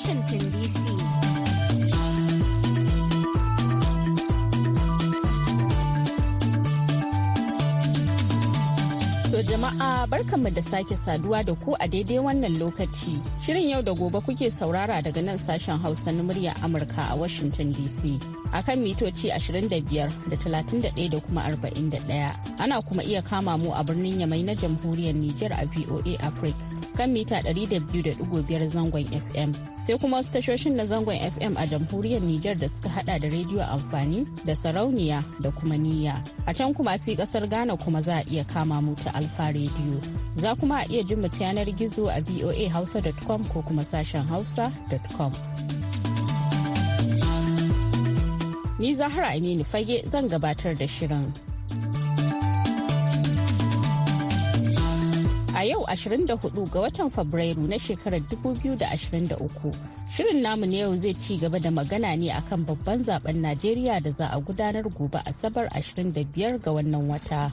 Washington DC. To jama'a barkanmu da sake saduwa da ku a daidai wannan lokaci. Shirin yau da gobe kuke saurara daga nan sashen Hausa na murya Amurka a Washington DC. a kan mitoci 25 da 31 da kuma 41. Ana kuma iya kama mu a birnin Yamai na jamhuriyar Nijar a VOA Africa kan mita 200.5 zangon FM. Sai kuma wasu tashoshin na zangon FM a jamhuriyar Nijar da suka hada da rediyo amfani da sarauniya da kuma niyya. A can kuma sai kasar Ghana kuma za a iya kama mu ta Alfa rediyo Za kuma a iya jin mu yanar gizo a voa voahausa.com ko kuma sashen hausa.com. Ni Zahra Aminu Fage zan gabatar da shirin. a yau 24 ga watan Fabrairu na shekarar 2023. Shirin namu na yau zai ci gaba da magana ne akan babban zaben Najeriya da za a gudanar gobe Asabar 25 ga wannan wata.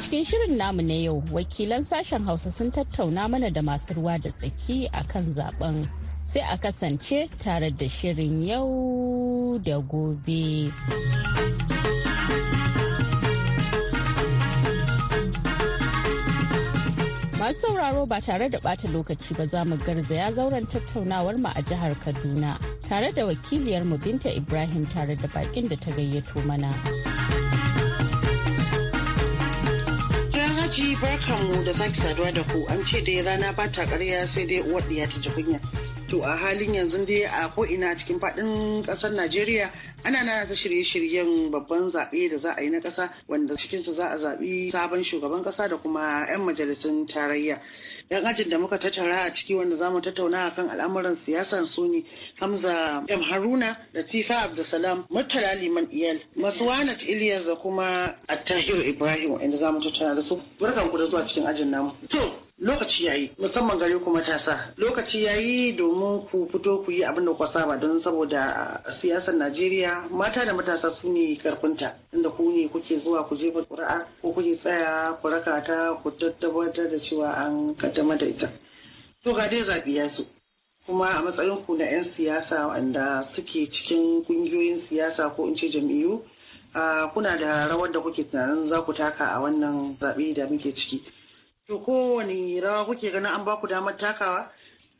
cikin shirin namu na yau wakilan sashen hausa sun tattauna mana da masu ruwa da tsaki akan zaben sai a kasance tare da shirin yau da gobe. masu sauraro ba tare da bata lokaci ba za mu garzaya zauren tattaunawar mu a jihar kaduna tare da wakiliyar mu binta ibrahim tare da bakin da ta gayyato mana barkan mu da sake saduwa da ku an ce dai rana ba ta karya sai dai uwar ɗiya ta ji kunya to a halin yanzu dai a ko ko'ina cikin faɗin ƙasar najeriya ana nan ta shirye-shiryen babban zaɓe da za a yi na ƙasa wanda cikinsa za a zaɓi sabon shugaban kasa da kuma 'yan majalisun tarayya yan ajin da muka tattara a ciki wanda za mu tattauna kan al'amuran siyasar su ne hamza m haruna da tifa abdulsalam murtala liman iyal Maswana iliyas da kuma attahiru ibrahim wanda za mu tattauna da su barkan ku da zuwa cikin ajin namu to lokaci yayi musamman gare ku matasa lokaci yayi domin ku fito ku yi abin da ku saba don saboda siyasar Najeriya mata da matasa su ne karfinta inda ku ne kuke zuwa ku jefa ƙuri'a ko kuke tsaya ku raka ta ku tattabatar da cewa an kaddama da ita to ga dai zaɓi ya so kuma a matsayin ku na 'yan siyasa wanda suke cikin kungiyoyin siyasa ko in ce jam'iyyu kuna da rawar da kuke tunanin za ku taka a wannan zaɓe da muke ciki To kowane rawa kuke ganin an baku damar takawa?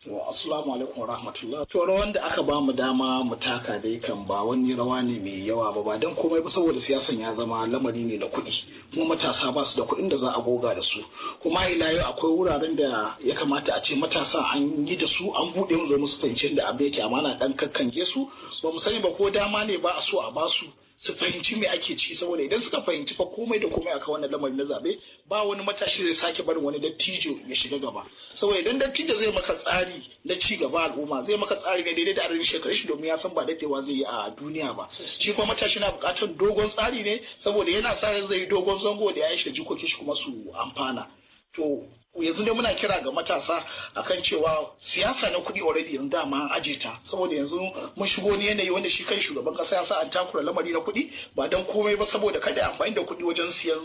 To assalamu alaikum rahmatullah. To rawan da aka bamu dama mu taka dai kan ba wani rawa ne mai yawa ba ba dan komai ba saboda siyasan ya zama lamari ne na kuɗi kuma matasa ba su da kuɗin da za a goga da su kuma ila yau akwai wuraren da ya kamata a ce matasa an yi da su an buɗe mu zo musu fahimci da abin yake amana dan kakkange su ba mu sani ba ko dama ne ba a so a basu. su fahimci me ake ciki saboda idan suka fahimci fa komai da komai akan wannan lamarin na zabe ba wani matashi zai sake barin wani dattijo ya shiga gaba saboda idan dattijo zai maka tsari na ci gaba al'umma zai maka tsari ne daidai da arin shekaru shi domin ya san ba dadewa zai yi a duniya ba shi kuma matashi na bukatar dogon tsari ne saboda yana sa zai yi dogon zango da ya shi jikokin shi kuma su amfana to yanzu dai muna kira ga matasa a kan cewa siyasa na kuɗi already yanzu dama an aje ta saboda yanzu mun shigo ni yanayi wanda shi kan shugaban kasa ya sa an takura lamari na kuɗi ba dan komai ba saboda kada amfani da kuɗi wajen siyan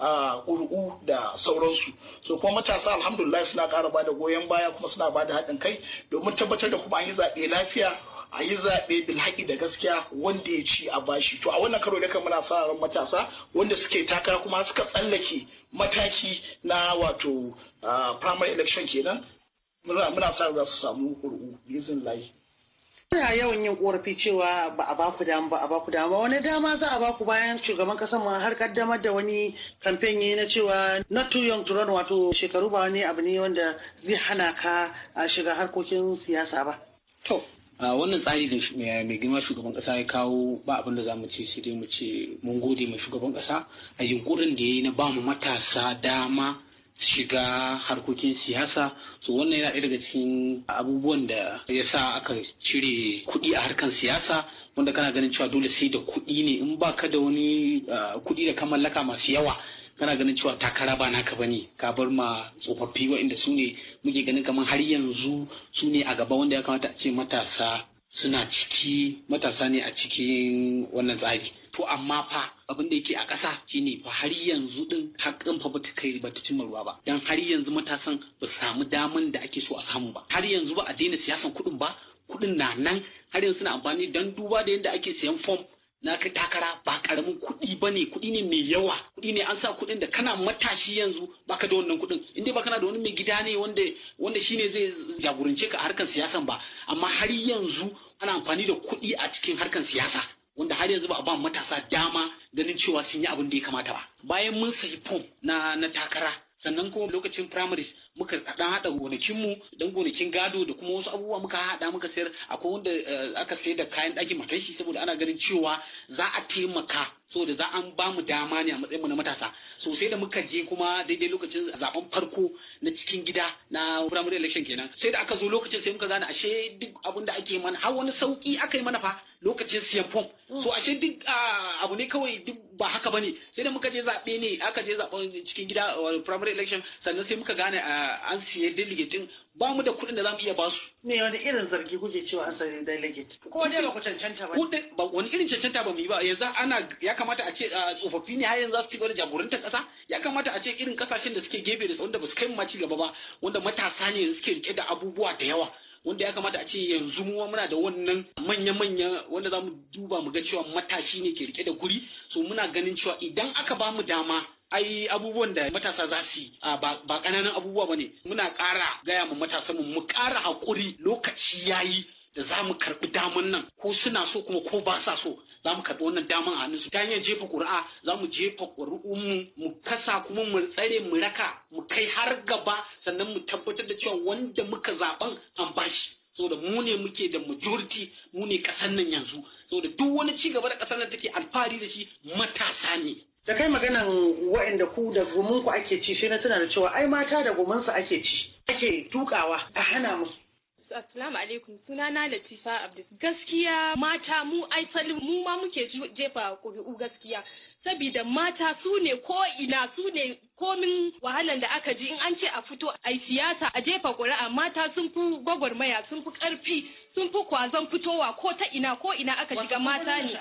ƙuri'u da sauransu so kuma matasa alhamdulillah suna ƙara ba da goyon baya kuma suna ba da haɗin kai domin tabbatar da kuma an yi zaɓe lafiya a yi zaɓe bilhaki da gaskiya wanda ya ci a bashi to a wannan karo da muna sa ran matasa wanda suke takara kuma suka tsallake mataki na wato primary election kenan muna sa za su samu ƙuri'u izin layi. Kuna yawan yin korafi cewa ba a baku dama ba a baku dama wani dama za a baku bayan shugaban ƙasa mu har kaddamar da wani kamfen na cewa not too young to run wato shekaru ba wani abu ne wanda zai hana ka shiga harkokin siyasa ba. To wannan tsari da mai girma shugaban kasa ya kawo ba abin da za mu ce sai dai mu ce mun gode ma shugaban kasa a yunkurin da ya yi na ba mu matasa dama shiga harkokin siyasa so wannan yana ɗaya daga cikin abubuwan da ya sa aka cire kuɗi a harkar siyasa wanda kana ganin cewa dole sai da kuɗi ne in ba ka da wani ah, kuɗi da ka mallaka masu yawa kana ganin cewa takara ba naka ba ne ka bar ma tsofaffi waɗanda su ne muke ganin kamar har yanzu su ne a gaba wanda ya kamata a ce matasa suna ciki matasa ne a cikin wannan tsari to amma fa abin da yake a ƙasa shine fa har yanzu din haƙƙin fa bata kai bata cimma ruwa ba dan har yanzu matasan ba samu daman da ake so a samu ba har yanzu ba a daina siyasan kuɗin ba kuɗin na nan har yanzu suna amfani dan duba da yadda ake siyan fom na kai takara ba karamin kuɗi ba ne kuɗi ne mai yawa kuɗi ne an sa kuɗin da kana matashi yanzu baka da wannan kuɗin inda ba kana da wani mai gida ne wanda wanda shine zai jagorance ka a harkan siyasan ba amma har yanzu ana amfani da kuɗi a cikin harkan siyasa wanda har yanzu ba a ba matasa dama ganin cewa sun yi abin da ya kamata ba bayan mun sayi fom na na takara sannan kuma lokacin primaries muka haɗa gonakin gonakinmu don gonakin gado da kuma wasu abubuwa muka hada muka sayar akwai wanda eh, aka sayar da kayan ɗakin matashi shi saboda ana ganin cewa za a taimaka saboda za an ba mu dama ne a matsayinmu na matasa sosai da muka je kuma daidai lokacin zaben farko na cikin gida na primary election kenan sai da aka zo lokacin sai muka gane ashe duk abin da ake mana har wani sauki aka yi mana fa lokacin siyan fom mm. so ashe duk ah, abu ne kawai duk ba haka bane sai da muka je zaɓe ne aka je zaben cikin gida eh, primary election sannan sai muka gane a ah, an siye delegate ba mu da kuɗin da za mu iya ba su. Me wani irin zargi kuke cewa an sayi delegate? Ko dai ba ku cancanta ba. Kuɗin ba wani irin cancanta ba mu yi ba yanzu ana ya kamata a ce tsofaffi ne har yanzu za su ci gaba da jagorantar ƙasa ya kamata a ce irin ƙasashen da suke gefe da wanda ba su kai ma ci gaba ba wanda matasa ne suke rike da abubuwa da yawa. wanda ya kamata a ce yanzu mu muna da wannan manya-manya wanda za mu duba mu ga cewa matashi ne ke rike da guri so muna ganin cewa idan aka ba mu dama ai abubuwan da matasa za su yi ba ƙananan abubuwa ba ne muna ƙara gaya ma matasa mu mu ƙara haƙuri lokaci ya yi da za mu karɓi daman nan ko suna so kuma ko ba sa so za mu karɓi wannan daman a hannunsu ta hanyar jefa ƙuri'a za mu jefa ƙuri'unmu mu kasa kuma mu tsare mu raka mu kai har gaba sannan mu tabbatar da cewa wanda muka zaɓan an bashi saboda mu ne muke da majority mu ne ƙasar nan yanzu saboda duk wani ci gaba da ƙasar nan take alfahari da shi matasa ne Ta kai maganan waɗanda ku da gomin ake ci sai na tuna da cewa ai mata da gomin su ake ci ake tukawa a hana musu Assalamu alaikum na Latifa Abdus. Gaskiya mata mu asalin mu ma muke jefa ƙuri'u gaskiya. Sabida mata su ne ko ina su ne komin wahalan da aka ji in an ce a fito a siyasa a jefa ƙuri'a mata sun fi gwagwarmaya sun fi ƙarfi sun fi kwazon fitowa ko ta ina ko ina aka shiga mata ne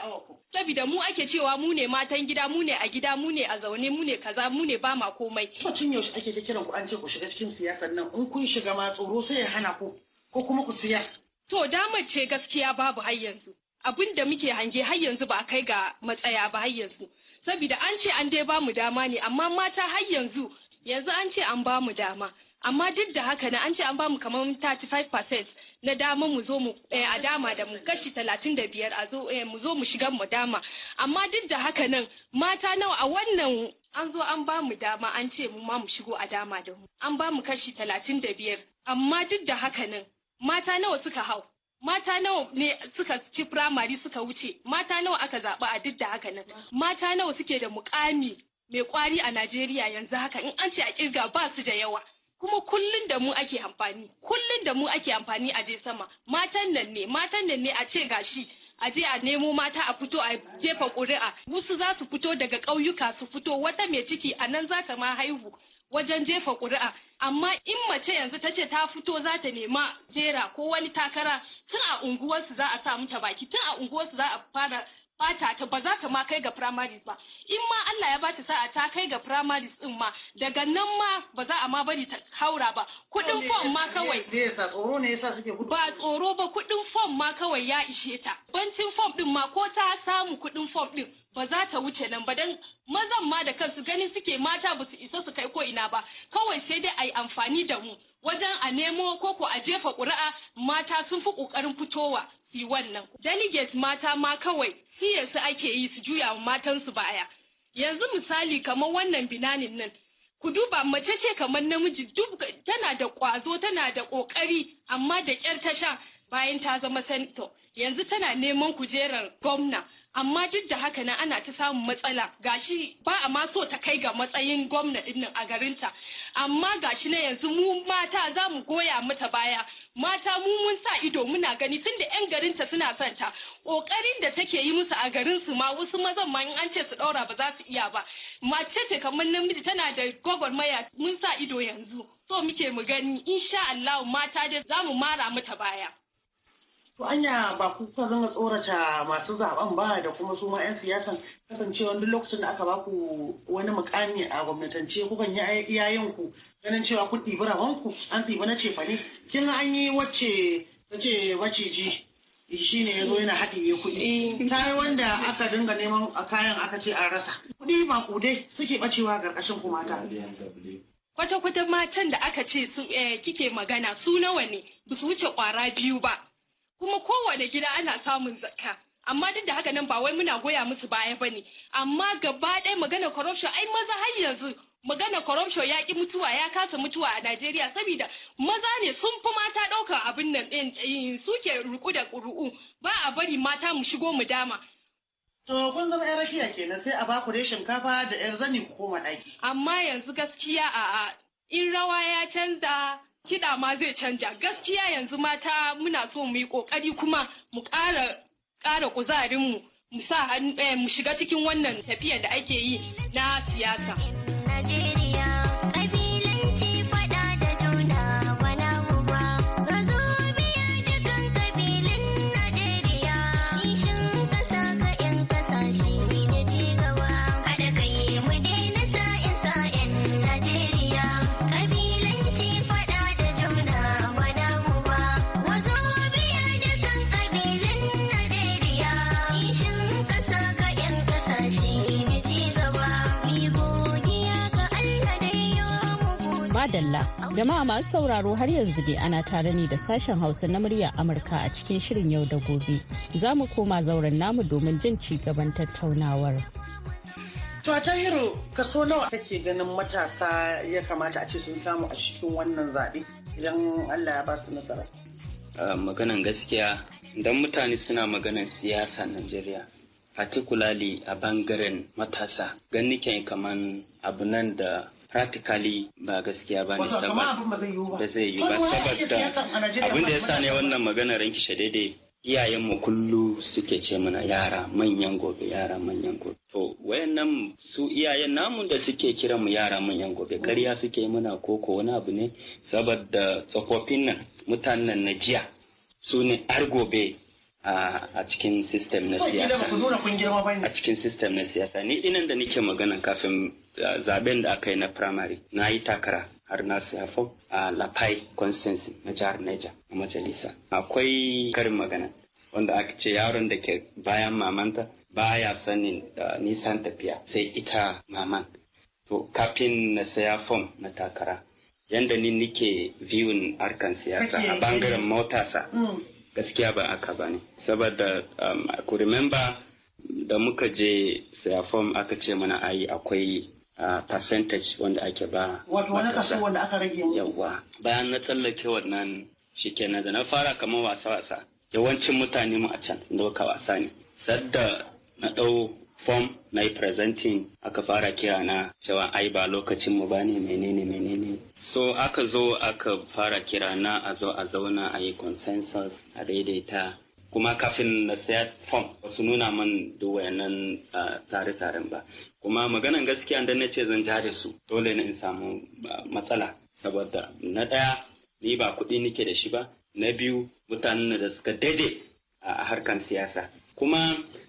sabida mu ake cewa mu ne matan gida mu ne a gida mu ne a zaune mu ne kaza mu ne ba ma komai tun yaushe ake ta kiran ku an ce ku shiga cikin siyasar nan in kun shiga ma tsoro sai ya hana ku ko kuma ku siya. To damar ce gaskiya babu har yanzu. Abin da muke hange har yanzu ba kai ga matsaya ba har yanzu. Saboda an ce an dai bamu dama ne amma mata har yanzu yanzu an ce an bamu dama. Amma duk da haka na an ce an bamu kamar 35% na dama mu zo mu eh, a dama da mu kashi 35 a zo eh, mu zo mu shiga mu dama. Amma duk da haka nan mata nawa a wannan an zo an bamu dama an ce mu ma mu shigo a dama da mu. An bamu kashi 35 amma duk da haka nan mata nawa suka hau mata nawa ne suka ci firamare suka wuce mata nawa aka zaɓa a duk da haka nan mata nawa suke da mukami mai kwari a Najeriya yanzu haka in an ce a kirga ba su da yawa kuma kullun da mu ake amfani kullun da mu ake amfani a je sama matan nan ne matan nan ne a ce gashi a je a nemo mata a fito a jefa ƙuri'a wasu za su fito daga ƙauyuka su fito wata mai ciki a nan za ta ma haihu wajen jefa ƙuri'a amma in mace yanzu ta ce ta fito za ta nema jera ko wani takara tun a unguwarsu za a sa mata baki tun a unguwarsu za a fara bata ta ba za ta ma kai ga primaries ba in ma Allah ya bata sa'a ta kai ga primaries din ma daga nan ma ba za a ma bari ta haura ba kudin form ma kawai ba tsoro ba kudin form ma kawai ya ishe ta bancin form din ma ko ta samu kudin form din ba za ta wuce nan ba dan mazan ma da kansu ganin suke mata ba su isa su kai ko ina ba kawai sai dai a yi amfani da mu wajen a nemo ko ko a jefa ƙuri'a mata sun fi ƙoƙarin fitowa yi wannan delegate mata ma kawai siya su ake yi su juya wa matansu baya yanzu misali kamar wannan binanin nan ku duba mace ce kamar namiji duk tana da kwazo tana da kokari amma da ƙyar ta sha bayan ta zama sanito yanzu tana neman kujerar gwamna amma duk da haka nan ana ta samun matsala gashi ba a ma so ta kai ga matsayin gwamna dinnan a garinta amma gashi na yanzu mu mata za mu goya mata baya mata mu mun sa ido muna gani tunda yan garinta suna son ta kokarin da take yi musu a garin su ma wasu mazan ma in an ce su daura ba za su iya ba mace ce kamar namiji tana da gwagwarmaya mun sa ido yanzu so muke mu gani insha Allah mata da za mu mara mata baya To anya ba ku kuka zanga tsorata masu zaben ba da kuma su ma 'yan siyasan kasancewa duk lokacin da aka ba ku wani mukami a gwamnatance kukan yi iyayen ku ganin cewa ku ɗibi rabon ku an ɗibi na cefa ne kin an yi wacce ta ce ji shi ne ya zo yana haɗiye kuɗi eh. ta yi wanda aka dinga neman a kayan aka ce an rasa kuɗi maƙudai suke ɓacewa ƙarƙashin ku mata kwata-kwata matan da aka ce su eh, kike magana su nawa ne ba su wuce ƙwara biyu ba kuma kowane gida ana samun zakka amma duk da haka nan ba wai muna goya musu baya ba ne amma gaba ɗaya magana corruption ai maza har yanzu magana corruption ya ki mutuwa ya kasa mutuwa a Najeriya saboda maza ne sun fi mata ɗaukar abin nan ɗin eh, suke ruku da ƙuru'u ba a bari mata mu shigo mu dama. To kun zama 'yar rakiya kenan sai a ba ku shinkafa da ƴar zani ku koma ɗaki. Amma yanzu gaskiya a'a in rawa ya canza kiɗa ma zai canja gaskiya yanzu mata muna so mu yi ƙoƙari kuma mu ƙara ƙara kuzarinmu mu sa eh, mu shiga cikin wannan tafiya da ake yi na siyasa. Najeriya. Dalla. Jama'a masu sauraro har yanzu dai ana tare ne da sashen Hausa na murya Amurka a cikin shirin yau da gobe. Za mu koma zauren namu domin jin ci gaban tattaunawar. To a Tahiru kaso nawa kake ganin matasa ya kamata a ce sun samu a cikin wannan zaɓe idan Allah ya ba su nasara. Maganan gaskiya idan mutane suna maganan siyasa Najeriya particularly a bangaren matasa gan nike kaman abu nan da practically ba gaskiya ba ne saboda ba zai yi ba saboda abin da ya sa ne wannan maganar ranki daidai iyayenmu kullu suke ce mana yara manyan gobe yara manyan gobe to wayannan su iyayen namun da suke kiran mu yara manyan gobe karya suke mana koko wani abu ne saboda tsofaffin nan mutanen na jiya su ne gobe a cikin system na siyasa a cikin system na siyasa ni inan da nake magana kafin uh, zaben da aka yi na primary na yi takara har na siya fom a lapai consensus na jihar niger a majalisa akwai karin magana wanda aka ce yaron da ke bayan mamanta baya sanin uh, nisan tafiya sai ita maman to kafin na saya fom na takara yanda ni nike viewin harkan siyasa a bangaren matasa mm. gaskiya ba aka ba ne saboda um, ku remember da muka je sayafom aka ce mana ayi akwai uh, percentage wanda ake ba wato wani kaso wanda aka rage yawa bayan na tsallake wannan shikenan da na fara kamar wasa wasa yawancin mutane mu a can ɗauka wasa ne sadda na ɗau form na yi presenting aka fara kira na cewa ai ba lokacin mu ne, menene menene so aka zo aka fara kira na a zo a zauna a yi consensus a daidaita kuma kafin na saya fom wasu nuna man duk nan tsare-tsaren ba kuma maganan gaskiya da na ce zan jare su dole in samu matsala saboda na ɗaya ni ba kuɗi nike da shi ba na biyu mutanen da suka daidai a harkan siyasa kuma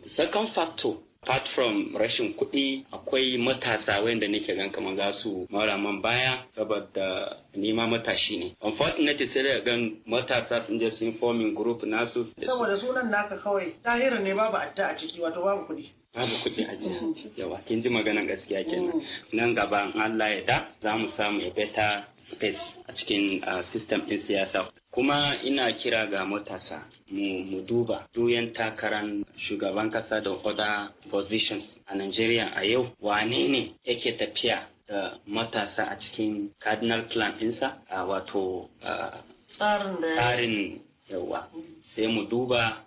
second factor apart from rashin kuɗi akwai matasa wanda nake gan kamar za su mara man baya saboda nima matashi ne unfortunately sai da gan matasa sun je sun forming group nasu saboda sunan naka kawai hira ne babu adda a ciki wato babu kuɗi babu kuɗi a ciki yawa kin ji maganan gaskiya kenan mm. nan gaba in Allah ya da za mu samu a better space a cikin ah, system din siyasa Kuma ina kira ga matasa mu duba duyan takaran shugaban kasa da other positions a Najeriya a yau wane ne yake tafiya da matasa a cikin cardinal plan ɗinsa a wato tsarin yawa sai mu duba.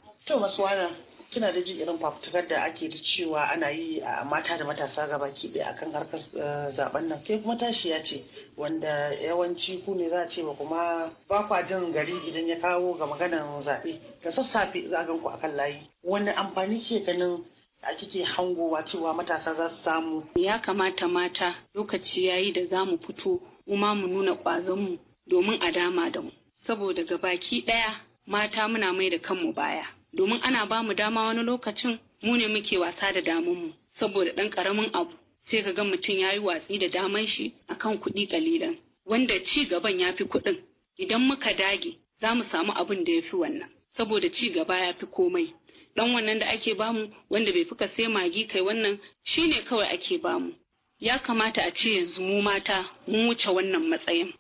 kina da jin irin fafutukar da ake ta cewa ana yi a mata da matasa gaba baki ɗaya akan harkar eh, zaben nan ke kuma tashiya ce wanda yawanci ku ne za a ce ba kuma ba kwa jin gari idan ya kawo ga maganar zaɓe da sassafe za a ganku akan layi wani amfani ke ganin a kike hangowa cewa matasa za su samu ya kamata mata lokaci ya yi da za mu fito kuma mu nuna mu domin a dama da mu saboda baki ɗaya mata muna mai da kanmu baya domin ana ba mu dama wani lokacin mu ne muke wasa da mu. saboda ɗan ƙaramin abu sai ka ga mutum ya yi watsi da daman shi a kan kuɗi ƙalilan wanda ci gaban ya fi kuɗin idan muka dage za mu samu abin da ya fi wannan saboda ci gaba ya fi komai ɗan wannan da ake bamu wanda bai fuka sai magi kai wannan shi ne kawai ake bamu ya kamata a ce yanzu mu mata mu wuce wannan matsayin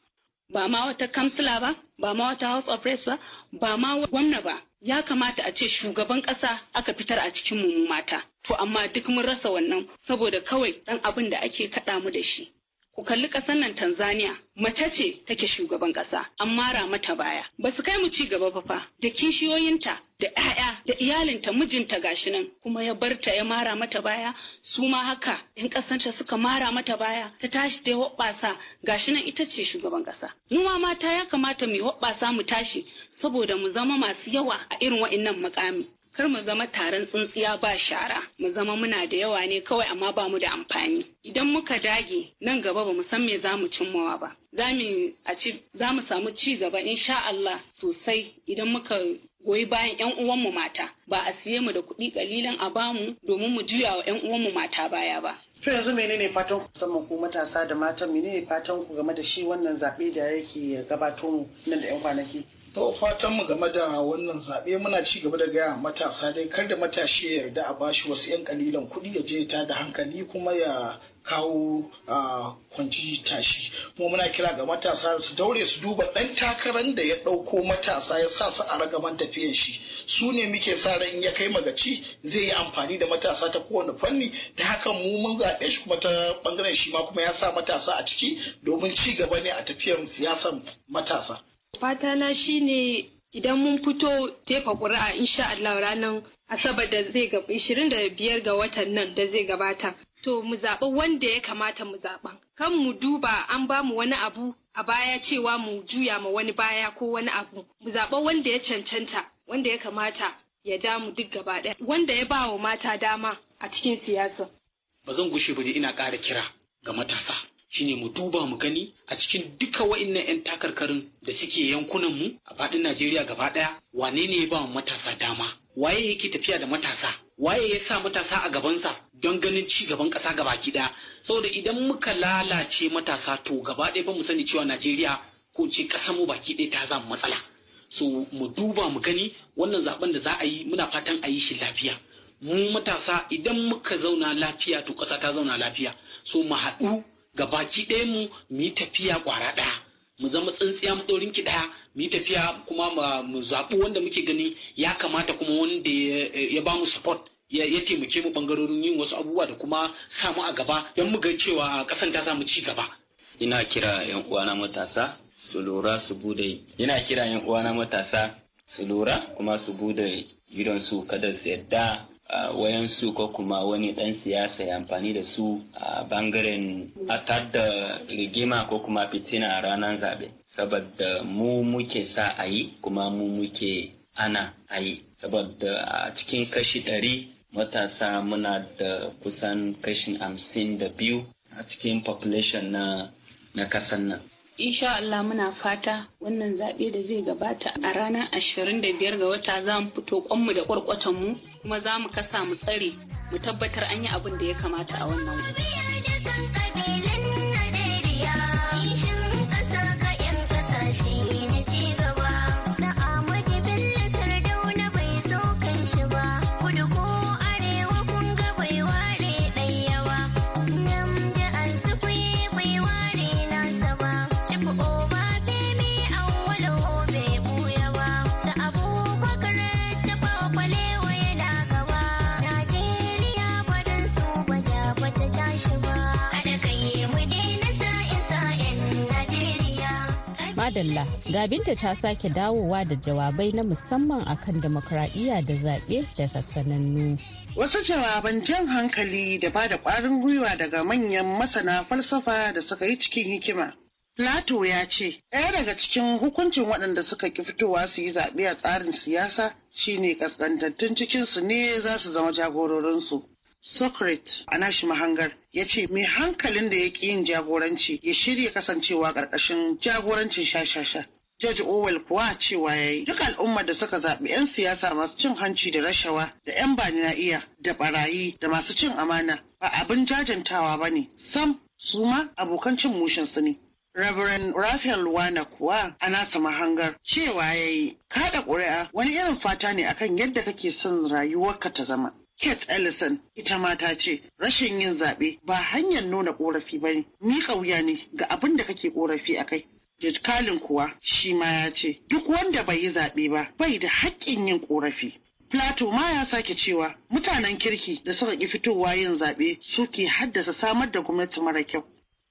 ba ma wata kamsila ba ba ma wata house of reps ba ba ma gwamna ba ya kamata a ce shugaban ƙasa aka fitar a cikin mu mata. To amma duk mun rasa wannan saboda kawai ɗan abin da ake kaɗa mu da shi. ku kalli ƙasar nan Tanzania mace ce take shugaban ƙasa an mara mata baya ba su kai mu ci gaba ba fa da kishiyoyinta da 'ya'ya da iyalinta mijinta gashi nan kuma ya barta ya mara mata baya su ma haka in ƙasanta suka mara mata baya ta tashi ta hoɓɓasa gashi nan ita ce shugaban ƙasa mu ma mata ya kamata mu hoɓɓasa mu tashi saboda mu zama masu yawa a irin wa'innan makami kar mu zama taron tsintsiya ba shara mu zama muna da yawa ne kawai amma ba mu da amfani idan muka dage nan gaba ba mu san me za mu cimmawa ba za mu samu ci gaba insha Allah sosai idan muka goyi bayan 'yan uwanmu mata ba a siye mu da kuɗi kalilan a bamu domin mu juya wa 'yan uwanmu mata baya ba. To yanzu menene fatan ku musamman ku matasa da matan menene fatan ku game da shi wannan zaɓe da yake gabato mu nan da 'yan kwanaki? To fatan mu game da wannan zaɓe muna ci gaba da gaya matasa dai kar da matashi ya yarda a bashi wasu 'yan kalilan kuɗi ya je ta da hankali kuma ya kawo a kwanci tashi kuma muna kira ga matasa su daure su duba ɗan takarar da ya ɗauko matasa ya sa su a ragaman tafiyan shi su ne muke sa ran ya kai magaci zai yi amfani da matasa ta kowane fanni ta hakan mu mun zaɓe shi kuma ta ɓangaren shi ma kuma ya sa matasa a ciki domin ci gaba ne a tafiyan siyasan matasa. Fatana shine idan mun fito jefa ƙuri'a insha Allah ranar Asabar da zai gaba biyar ga watan nan da zai gabata. To mu zaɓa wanda ya kamata mu zaɓa. Kan mu duba an ba mu wani abu a baya cewa mu juya ma wani baya ko wani abu. Mu zaɓa wanda ya cancanta, wanda ya kamata ya ja mu duk gaba ɗaya. Wanda ya ba wa mata dama a cikin siyasa. Ba zan gushe ba ina ƙara kira ga matasa. shine mu duba mu gani a cikin duka wa'innan 'yan takarkarin da suke yankunan mu a faɗin Najeriya gaba ɗaya wane ne ya ba matasa dama waye yake tafiya da matasa waye ya sa matasa a gabansa don ganin ci gaban ƙasa gabaki ɗaya saboda idan muka lalace matasa to gaba ɗaya ba mu sani cewa Najeriya ko ce ƙasar mu baki ɗaya ta zama matsala so mu duba mu gani wannan zaben da za a yi muna fatan a yi shi lafiya mu matasa idan muka zauna lafiya to ƙasa ta zauna lafiya so mu haɗu ga baki ɗaya mu mu yi tafiya ƙwara ɗaya mu zama tsintsiya mu ɗorin ki ɗaya mu yi tafiya kuma mu zaɓi wanda muke gani, ya kamata kuma wanda ya ba mu support ya taimake mu ɓangarorin yin wasu abubuwa da kuma samu a gaba don mu ga cewa ƙasan ta samu ci gaba. Ina kira 'yan uwana matasa su lura su bude ina kira 'yan uwana matasa su lura kuma su bude gidansu kada su yadda wayansu ko kuma wani ɗan siyasa ya amfani da su a bangaren atar da rigima ko kuma fitina a ranar zaɓe saboda mu muke sa a yi kuma mu muke ana a yi saboda a cikin kashi ɗari matasa muna da kusan kashi hamsin da biyu a cikin population na na kasan nan Insha Allah muna fata wannan zaɓe da zai gabata a ranar ashirin da biyar ga wata za mu fito kwanmu da mu kuma za mu kasa mu tsare mu tabbatar an yi abin da ya kamata a wannan. Madalla ga binta ta sake dawowa da jawabai na musamman akan demokradiyya da zaɓe daga sanannu. Wasu jawaban jan hankali da ba da ƙwarin gwiwa daga manyan masana falsafa da suka yi cikin hikima. Plato ya ce, ɗaya daga cikin hukuncin waɗanda suka ki fitowa su yi zaɓe a tsarin siyasa shine ƙasƙantattun cikinsu ne za su zama jagororinsu. Socrates a nashi mahangar ya ce mai hankalin da ya ƙi yin jagoranci ya shirya kasancewa ƙarƙashin jagorancin shashasha. George Orwell kuwa cewa ya yi duk al'ummar da suka zaɓi 'yan siyasa masu cin hanci da rashawa da 'yan bani na iya da barayi da masu cin amana ba abin jajantawa ba ne sam su ma abokan cin mushin su ne. Reverend Raphael Wana kuwa a nasa mahangar cewa ya yi kaɗa ƙuri'a wani irin fata ne akan yadda kake son rayuwarka ta zama. Kate Ellison ita ma ta ce rashin yin zaɓe ba hanyar nuna ƙorafi ba ne, miƙa wuya ne ga abin da kake ƙorafi a kai. Kalin kuwa shi ma ya ce duk wanda bai yi zaɓe ba bai da haƙƙin yin ƙorafi. Plato ma ya sake cewa mutanen kirki da suka ƙi fitowa yin zaɓe suke haddasa samar da gwamnati mara kyau.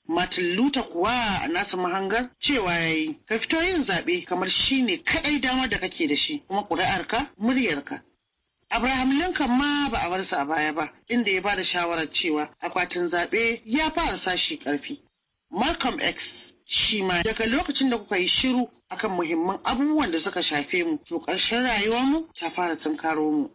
Martin Luther kuwa a nasu mahangar cewa ya yi, ka fito yin zaɓe kamar shi ne kaɗai damar da kake da shi kuma ƙuri'arka muryarka Abraham Lincoln ma ba a warsa a baya ba, inda ya ba da shawarar cewa akwatin zaɓe ya fara sashi ƙarfi. Malcolm X shi ma daga lokacin da kuka yi shiru akan muhimman abubuwan da suka shafe mu to ƙarshen rayuwarmu ta fara tunkaro mu.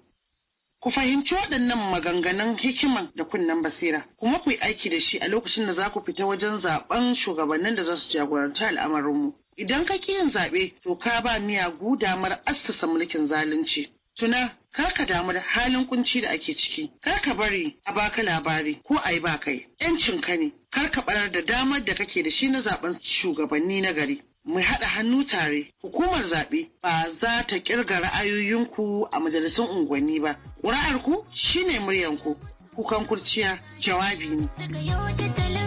Ku fahimci waɗannan maganganun hikiman da kunnen basira, kuma ku yi aiki da shi a lokacin da za ku fita wajen zaɓen shugabannin da za su jagoranci al'amarinmu. Idan ka ƙi yin zaɓe, to ka ba miyagu damar assasa mulkin zalunci. Tuna kar ka damu da halin kunci da ake ciki, kar ka bari a baka labari ko a yi ba kai. ‘Yancin ka ne, kar ka barar da damar da kake da shi na zaben shugabanni na gari. Mu haɗa hannu tare, hukumar zaɓe ba za ta ƙirga ra'ayoyinku a majalisun unguwanni ba. shi shine muryanku, kukan kurciya jawabi ne.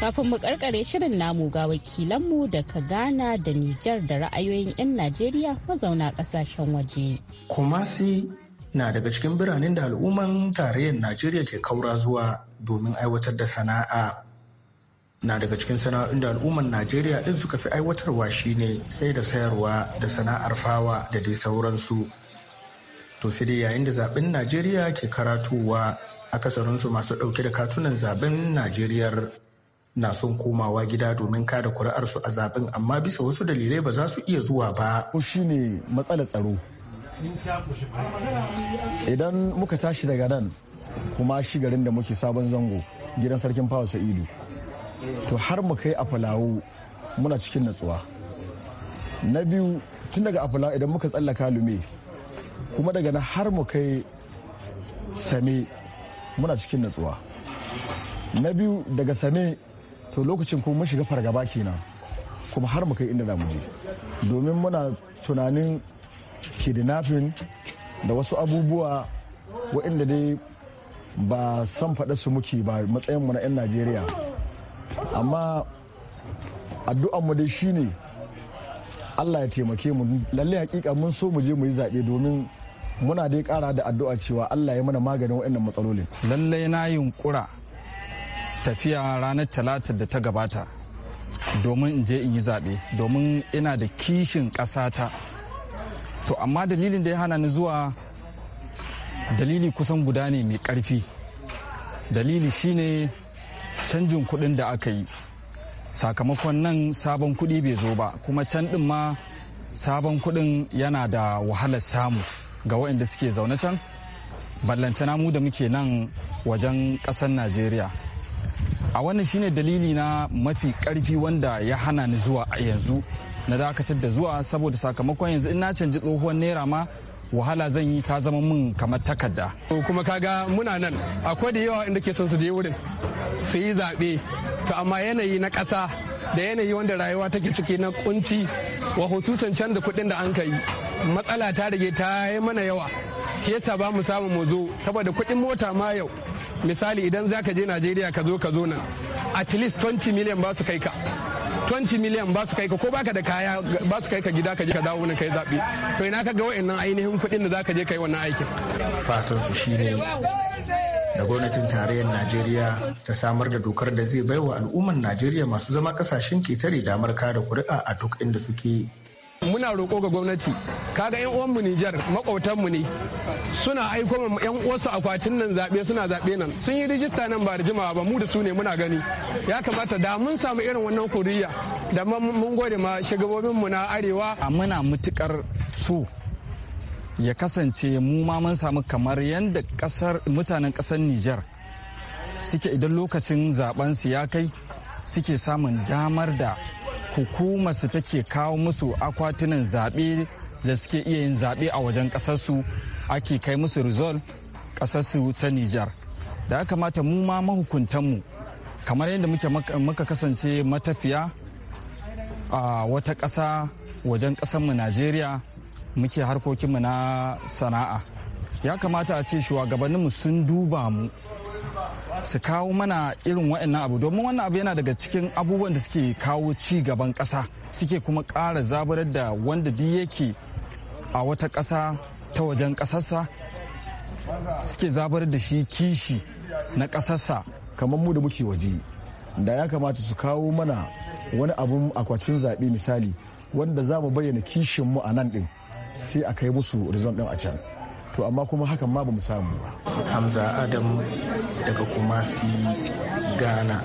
Kafin mu karkare shirin namu ga wakilanmu daga Ghana da Nijar da ra'ayoyin 'yan Najeriya mazauna kasashen waje. Kumasi na daga cikin biranen da al'umman tarayyar Najeriya ke kaura zuwa domin aiwatar da sana'a. Na daga cikin sana'o'in da al'umman Najeriya din suka fi aiwatarwa shine sai da sayarwa da sana'ar fawa da dai sauransu. To sai dai yayin da zaben Najeriya ke karatuwa akasarinsu masu dauke da katunan zaben najeriyar na son komawa gida domin kada kuri'arsu a zaben amma bisa wasu dalilai ba za su iya zuwa ba. shi ne matsalar tsaro. Idan muka tashi daga nan kuma shi garin da muke sabon zango gidan sarkin fawa sa'idu to har mu kai afalawo muna cikin natsuwa. Na biyu tun daga afalawo idan muka tsallaka lume kuma daga nan har mu kai same muna cikin natsuwa. Na biyu daga same to lokacin kuma mun shiga fargaba kenan kuma har mu kai inda za mu je domin muna tunanin kidnapping da wasu abubuwa waɗanda dai ba san faɗa su muke ba matsayin mu na 'yan najeriya amma addu'anmu dai shine allah ya taimake mu lalle hakika mun so mu je mu yi zaɓe domin muna dai ƙara da addu'a cewa allah ya mana maganin waɗannan matsalolin lallai na yunkura tafiya ranar talata da ta gabata domin in je in yi zaɓe domin ina da kishin ƙasata to amma dalilin da ya hana ni zuwa dalili kusan guda ne mai ƙarfi dalili shine canjin kuɗin da aka yi sakamakon nan sabon kuɗi bai zo ba kuma can ɗin ma sabon kuɗin yana da wahalar samu ga waɗanda suke zaune can ballantana mu da muke nan wajen ƙasar najeriya a wannan shine dalili na mafi karfi wanda ya hana ni zuwa a yanzu na dakatar da zuwa saboda sakamakon yanzu in na canji tsohuwar naira ma wahala zan yi ta zama mun kamar takarda. kuma kaga muna nan akwai da yawa inda ke son su je wurin su yi zaɓe to amma yanayi na ƙasa da yanayi wanda rayuwa take ciki na kunci wa hususan can da kuɗin da an ka yi matsala ta rage ta yi mana yawa ke yasa ba mu samu mu zo saboda kuɗin mota ma yau misali idan za ka je najeriya ka zo ka zo nan at least 20 million ba su kai ka 20 miliyan ba su kai ka ko baka da kaya ba su kai ka gida ka je ka dawo nan kai zabe to ina ka ga wayannan ainihin kuɗin da zakaje je kai wannan aikin fatan su shine da gwamnatin tarayyar Najeriya ta samar da dokar da zai baiwa al'ummar Najeriya masu zama kasashen ketare damar kada kuri'a a duk inda suke muna roƙo ga gwamnati kaga yan uwan mu Nijar makwautan mu ne suna aiko mu yan uwansu akwatin nan zabe suna zabe nan sun yi rijista nan ba da jimawa ba mu da su ne muna gani ya kamata da mun samu irin wannan kuriya da mun gode ma shugabobin mu na arewa a muna mutukar so ya kasance mu ma mun samu kamar yadda kasar mutanen kasar Nijar suke idan lokacin zaben su ya kai suke samun damar da hukumar su take kawo musu akwatunan zaɓe da suke iya yin zaɓe a wajen ƙasarsu ake kai musu rizol ƙasarsu ta Nijar. Da ya kamata mu ma mahukuntanmu kamar yadda muka kasance matafiya a wata ƙasa wajen ƙasarmu Najeriya muke harkokinmu na sana'a. Ya kamata a ce shugabanninmu sun duba mu su kawo mana irin waɗannan abu domin wannan abu yana daga cikin abubuwan da suke kawo ci gaban ƙasa suke kuma ƙara zaburar da wanda duk yake a wata ƙasa ta wajen ƙasarsa suke zaburar da shi kishi na ƙasarsa kamar mu da muke waje da ya kamata su kawo mana wani abun akwatin zaɓe misali wanda za mu bayyana kishin mu a nan ɗin sai a kai musu result ɗin a can to amma kuma hakan ma ba mu samu ba hamza adam daga kumasi ghana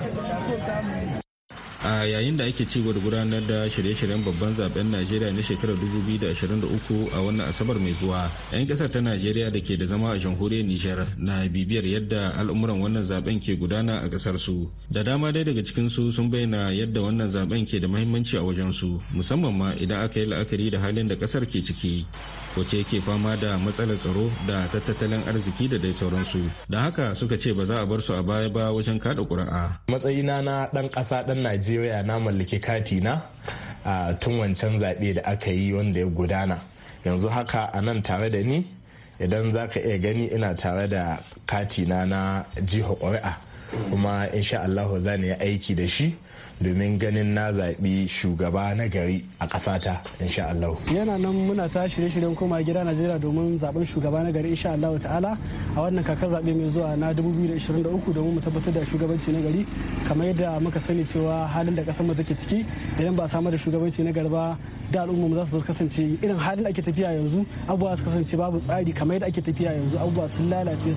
a yayin da ake ci da gudanar da shirye-shiryen babban zaben najeriya na shekarar 2023 a wannan asabar mai zuwa 'yan kasar ta najeriya da ke da zama a jamhuriyar nijar na bibiyar yadda al'umuran wannan zaben ke gudana a kasar su da dama dai daga cikin su sun bayyana yadda wannan zaben ke da mahimmanci a wajen su musamman ma idan aka yi la'akari da halin da kasar ke ciki ce yake fama da matsalar tsaro da tattalin arziki da dai sauransu da haka suka ce ba za a bar su a baya ba wajen kada ƙuri'a matsayina na ɗan ƙasa ɗan najeriya na mallaki kati na a tun wancan zaɓe da aka yi wanda ya gudana yanzu haka a nan tare da ni idan za ka iya gani ina tare da kati na na jiha ƙuri'a kuma insha allahu za ni aiki da shi domin ganin na zaɓi shugaba na gari a ƙasata insha Allah. Yana nan muna ta shirye-shiryen koma gida Najeriya domin zaɓen shugaba na gari insha Allah ta'ala a wannan kakar zaɓe mai zuwa na 2023 domin mu tabbatar da shugabanci na gari kamar yadda muka sani cewa halin da ƙasar mu take ciki idan ba a samar da shugabanci na gari ba da al'umma za su kasance irin halin da ake tafiya yanzu abubuwa su kasance babu tsari kamar yadda ake tafiya yanzu abubuwa sun lalace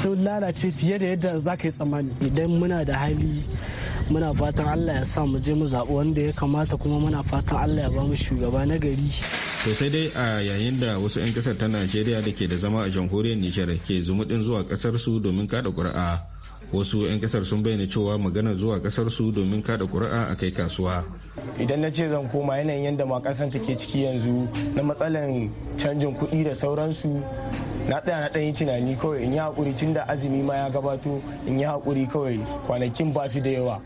sun lalace fiye da yadda za ka yi tsammani idan muna da hali muna fatan allah ya sa mu je mu zaɓi wanda ya kamata kuma muna fatan allah ya ba mu shugaba na gari to sai dai a yayin da wasu 'yan kasar ta najeriya da ke da zama a jamhuriyar nijar ke zumuɗin zuwa kasar su domin kada ƙuri'a wasu 'yan kasar sun bayyana cewa magana zuwa kasar su domin kada ƙuri'a a kai kasuwa idan na ce zan koma yanayin yadda ma ƙasar take ciki yanzu na matsalan canjin kuɗi da sauransu na tsaya na ɗanyi tunani kawai in yi haƙuri tun da azumi ma ya gabato in yi haƙuri kawai kwanakin ba su da yawa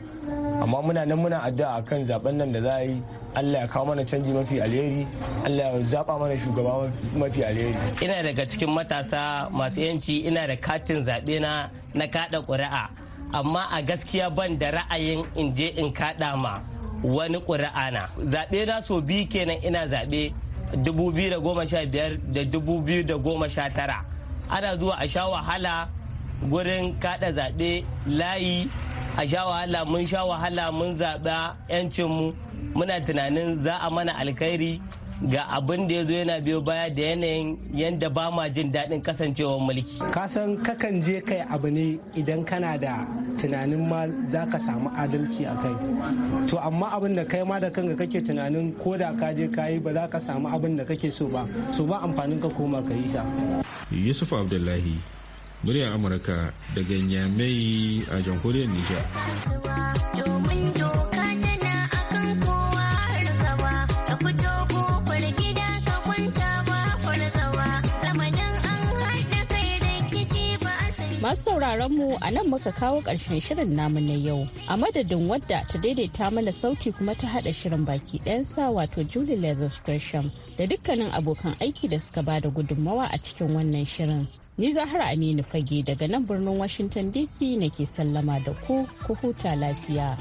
amma muna nan muna addu'a akan zaben nan da za a yi Allah ya kawo mana canji mafi alheri Allah ya zaba mana shugaba mafi alheri ina daga cikin matasa masu yanci ina da katin zaɓe na na kaɗa ƙuri'a amma a gaskiya ban da ra'ayin in je in kaɗa ma wani ƙuri'a na zaɓe na so biyu kenan ina zaɓe 2015 da 2019 ana zuwa a sha wahala gurin kada zaɓe layi a sha wahala mun sha wahala mun zaɓa 'yancinmu muna tunanin za a mana alkhairi ga abin da ya zo yana biyo baya da yanayin yadda ba ma jin daɗin kasancewar mulki. kasan kakan je kai abu ne idan kana da tunanin ma za ka samu adalci a kai to amma abin da kai ma da kanka kake tunanin ko da ka je ka yi ba za ka samu abin da kake so ba so ba amfanin ka koma ka yi sa yusuf abdullahi muryar amurka daga nyamai a jamhuriyar nijar masu sauraron mu a nan muka kawo ƙarshen shirin namu na yau a madadin wadda ta daidaita mana sauti kuma ta haɗa shirin baki sa wato julie leathers gresham da dukkanin abokan aiki da suka bada gudunmawa a cikin wannan shirin Ni Zahra Aminu Fage daga nan birnin Washington DC nake sallama da ku ku huta lafiya.